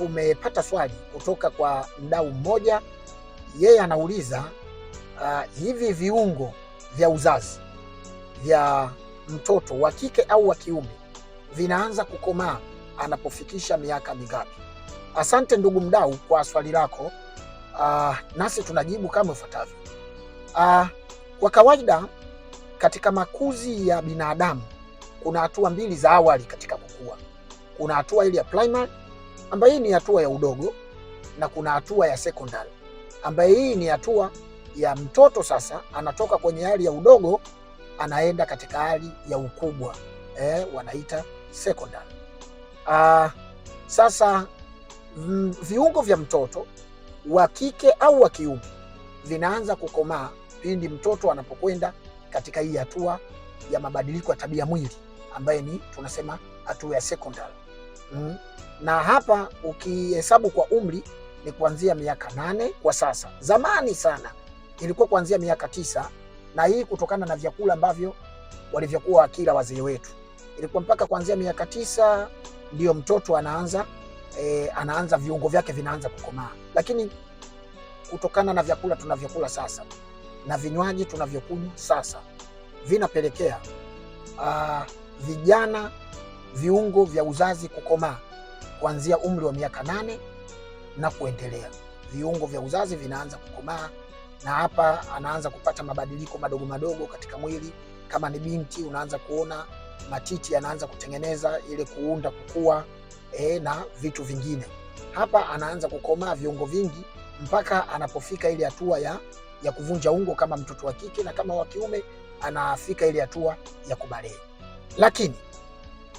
tumepata swali kutoka kwa mdau mmoja, yeye anauliza uh, hivi viungo vya uzazi vya mtoto wa kike au wa kiume vinaanza kukomaa anapofikisha miaka mingapi? Asante ndugu mdau kwa swali lako. Uh, nasi tunajibu kama ifuatavyo. Uh, kwa kawaida katika makuzi ya binadamu kuna hatua mbili za awali katika kukua. Kuna hatua ile ya primary ambayo hii ni hatua ya udogo na kuna hatua ya sekondari ambayo hii ni hatua ya mtoto sasa anatoka kwenye hali ya udogo anaenda katika hali ya ukubwa eh, wanaita sekondari. Ah, sasa viungo vya mtoto wa kike au wa kiume vinaanza kukomaa pindi mtoto anapokwenda katika hii hatua ya mabadiliko ya tabia mwili ambayo ni tunasema hatua ya sekondari mm. na hapa ukihesabu kwa umri ni kuanzia miaka nane kwa sasa. Zamani sana ilikuwa kuanzia miaka tisa, na hii kutokana na vyakula ambavyo walivyokuwa wakila wazee wetu, ilikuwa mpaka kuanzia miaka tisa ndio mtoto anaanza e, anaanza viungo vyake vinaanza kukomaa, lakini kutokana na vyakula tunavyokula sasa na vinywaji tunavyokunywa sasa vinapelekea uh, vijana viungo vya uzazi kukomaa kuanzia umri wa miaka nane na kuendelea. Viungo vya uzazi vinaanza kukomaa, na hapa anaanza kupata mabadiliko madogo madogo katika mwili. Kama ni binti, unaanza kuona matiti yanaanza kutengeneza ile kuunda, kukua e, na vitu vingine. Hapa anaanza kukomaa viungo vingi mpaka anapofika ile hatua ya, ya kuvunja ungo kama mtoto wa kike, na kama wa kiume anafika ile hatua ya kubalehe lakini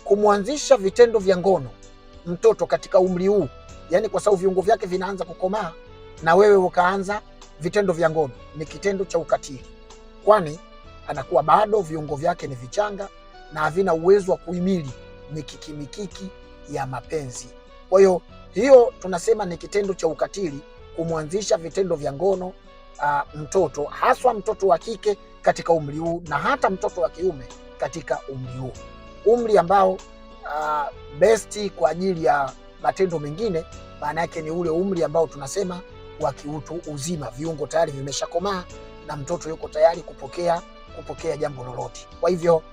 kumwanzisha vitendo vya ngono mtoto katika umri huu, yani kwa sababu viungo vyake vinaanza kukomaa na wewe ukaanza vitendo vya ngono, ni kitendo cha ukatili, kwani anakuwa bado viungo vyake ni vichanga na havina uwezo wa kuhimili mikiki mikiki ya mapenzi. Kwa hiyo hiyo tunasema ni kitendo cha ukatili kumwanzisha vitendo vya ngono Uh, mtoto haswa mtoto wa kike katika umri huu na hata mtoto wa kiume katika umri huu umri ambao uh, ah, besti kwa ajili ya matendo mengine, maana yake ni ule umri ambao tunasema wa kiutu uzima, viungo tayari vimeshakomaa na mtoto yuko tayari kupokea kupokea jambo lolote. Kwa hivyo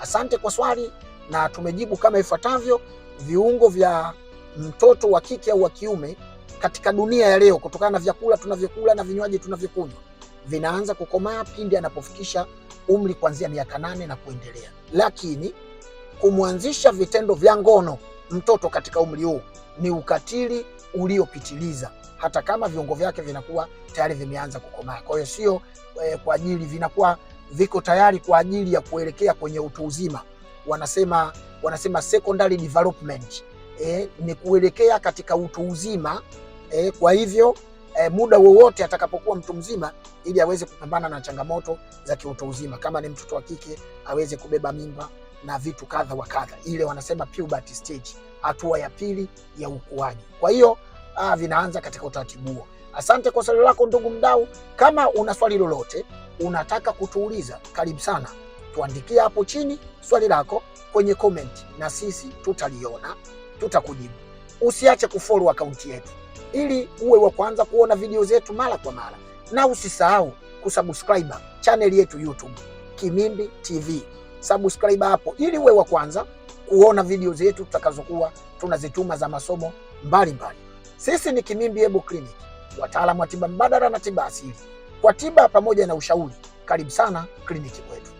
asante kwa swali na tumejibu kama ifuatavyo. Viungo vya mtoto wa kike au wa kiume katika dunia ya leo, kutokana na vyakula tunavyokula na vinywaji tunavyokunywa, vinaanza kukomaa pindi anapofikisha umri kuanzia miaka nane na kuendelea, lakini kumwanzisha vitendo vya ngono mtoto katika umri huu ni ukatili uliopitiliza, hata kama viungo vyake vinakuwa tayari vimeanza kukomaa. Kwa hiyo sio eh, kwa ajili vinakuwa viko tayari kwa ajili ya kuelekea kwenye utu uzima, wanasema wanasema secondary development eh, ni kuelekea katika utu uzima eh, kwa hivyo e, muda wowote atakapokuwa mtu mzima, ili aweze kupambana na changamoto za kiutu uzima, kama ni mtoto wa kike aweze kubeba mimba na vitu kadha wa kadha, ile wanasema puberty stage, hatua ya pili ya ukuaji. Kwa hiyo ah, vinaanza katika utaratibu huo. Asante kwa swali lako ndugu mdau. Kama una swali lolote unataka kutuuliza, karibu sana, tuandikie hapo chini swali lako kwenye comment, na sisi tutaliona, tutakujibu. Usiache kufollow akaunti yetu ili uwe wa kwanza kuona video zetu mara kwa mara, na usisahau kusubscribe channel yetu YouTube Kimimbi TV. Subscribe hapo ili uwe wa kwanza kuona video zetu tutakazokuwa tunazituma za masomo mbalimbali. Sisi ni Kimimbi Ebu Clinic, wataalamu wa tiba mbadala na tiba asili, kwa tiba pamoja na ushauri. Karibu sana kliniki kwetu.